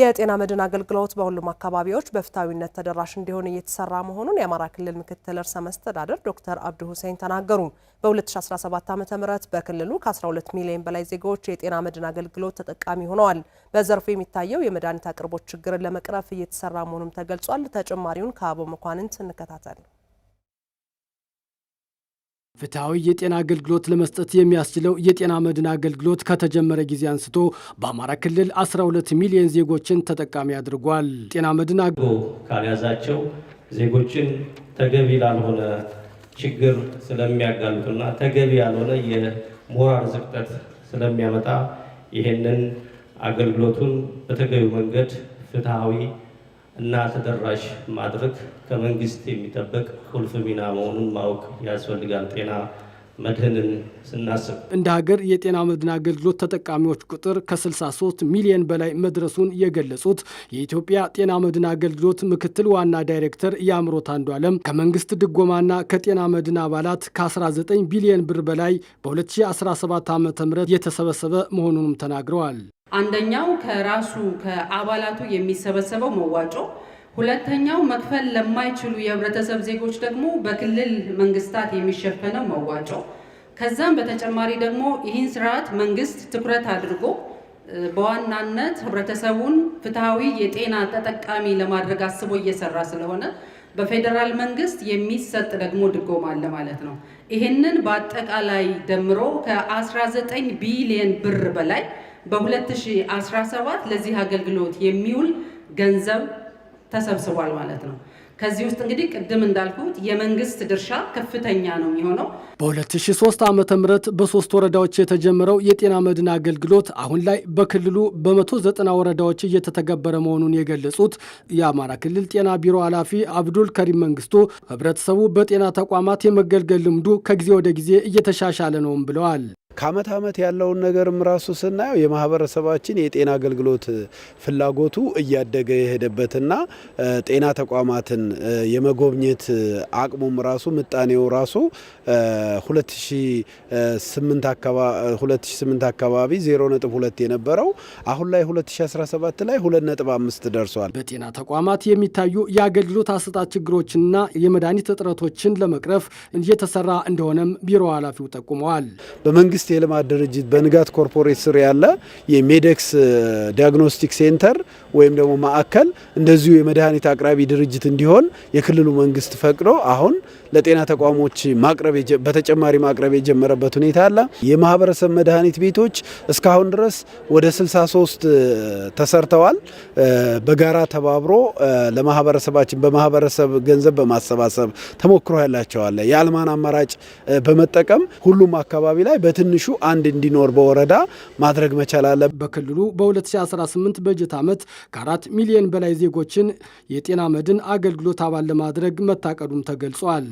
የጤና መድን አገልግሎት በሁሉም አካባቢዎች በፍትሐዊነት ተደራሽ እንዲሆን እየተሰራ መሆኑን የአማራ ክልል ምክትል ርዕሰ መስተዳደር ዶክተር አብዱ ሁሴን ተናገሩ። በ2017 ዓ.ም በክልሉ ከ12 ሚሊዮን በላይ ዜጋዎች የጤና መድን አገልግሎት ተጠቃሚ ሆነዋል። በዘርፉ የሚታየው የመድኃኒት አቅርቦት ችግርን ለመቅረፍ እየተሰራ መሆኑም ተገልጿል። ተጨማሪውን ከአቦ መኳንንት እንከታተል። ፍትሐዊ የጤና አገልግሎት ለመስጠት የሚያስችለው የጤና መድን አገልግሎት ከተጀመረ ጊዜ አንስቶ በአማራ ክልል 12 ሚሊዮን ዜጎችን ተጠቃሚ አድርጓል። ጤና መድን ካልያዛቸው ዜጎችን ተገቢ ላልሆነ ችግር ስለሚያጋልጡና ተገቢ ያልሆነ የሞራል ዝቅጠት ስለሚያመጣ ይህንን አገልግሎቱን በተገቢው መንገድ ፍትሐዊ እና ተደራሽ ማድረግ ከመንግስት የሚጠበቅ ቁልፍ ሚና መሆኑን ማወቅ ያስፈልጋል። ጤና መድህንን ስናስብ እንደ ሀገር የጤና መድን አገልግሎት ተጠቃሚዎች ቁጥር ከ63 ሚሊዮን በላይ መድረሱን የገለጹት የኢትዮጵያ ጤና መድን አገልግሎት ምክትል ዋና ዳይሬክተር የአምሮት አንዱ አለም ከመንግስት ድጎማና ከጤና መድን አባላት ከ19 ቢሊዮን ብር በላይ በ2017 ዓ ም የተሰበሰበ መሆኑንም ተናግረዋል። አንደኛው ከራሱ ከአባላቱ የሚሰበሰበው መዋጮ ሁለተኛው መክፈል ለማይችሉ የህብረተሰብ ዜጎች ደግሞ በክልል መንግስታት የሚሸፈነው መዋጮ። ከዛም በተጨማሪ ደግሞ ይህን ስርዓት መንግስት ትኩረት አድርጎ በዋናነት ህብረተሰቡን ፍትሐዊ የጤና ተጠቃሚ ለማድረግ አስቦ እየሰራ ስለሆነ በፌዴራል መንግስት የሚሰጥ ደግሞ ድጎማ አለ ማለት ነው። ይህንን በአጠቃላይ ደምሮ ከ19 ቢሊየን ብር በላይ በ2017 ለዚህ አገልግሎት የሚውል ገንዘብ ተሰብስቧል ማለት ነው። ከዚህ ውስጥ እንግዲህ ቅድም እንዳልኩት የመንግስት ድርሻ ከፍተኛ ነው የሚሆነው። በ2003 ዓ ም በሶስት ወረዳዎች የተጀመረው የጤና መድን አገልግሎት አሁን ላይ በክልሉ በ190 ወረዳዎች እየተተገበረ መሆኑን የገለጹት የአማራ ክልል ጤና ቢሮ ኃላፊ አብዱል ከሪም መንግስቱ ህብረተሰቡ በጤና ተቋማት የመገልገል ልምዱ ከጊዜ ወደ ጊዜ እየተሻሻለ ነውም ብለዋል። ከአመት አመት ያለውን ነገርም ራሱ ስናየው የማህበረሰባችን የጤና አገልግሎት ፍላጎቱ እያደገ የሄደበትና ጤና ተቋማትን የመጎብኘት አቅሙም ራሱ ምጣኔው ራሱ 2008 አካባቢ 0.2 የነበረው አሁን ላይ 2017 ላይ 2.5 ደርሷል። በጤና ተቋማት የሚታዩ የአገልግሎት አሰጣጥ ችግሮችና የመድኃኒት እጥረቶችን ለመቅረፍ እየተሰራ እንደሆነም ቢሮ ኃላፊው ጠቁመዋል። በመንግስት መንግስት የልማት ድርጅት በንጋት ኮርፖሬት ስር ያለ የሜዴክስ ዲያግኖስቲክ ሴንተር ወይም ደግሞ ማዕከል እንደዚሁ የመድኃኒት አቅራቢ ድርጅት እንዲሆን የክልሉ መንግስት ፈቅዶ አሁን ለጤና ተቋሞች ማቅረብ በተጨማሪ ማቅረብ የጀመረበት ሁኔታ አለ። የማህበረሰብ መድኃኒት ቤቶች እስካሁን ድረስ ወደ 63 ተሰርተዋል። በጋራ ተባብሮ ለማህበረሰባችን በማህበረሰብ ገንዘብ በማሰባሰብ ተሞክሮ ያላቸዋለ የአልማን አማራጭ በመጠቀም ሁሉም አካባቢ ላይ በትንሽ በትንሹ አንድ እንዲኖር በወረዳ ማድረግ መቻል አለ። በክልሉ በ2018 በጀት ዓመት ከአራት ሚሊዮን በላይ ዜጎችን የጤና መድን አገልግሎት አባል ለማድረግ መታቀዱም ተገልጿል።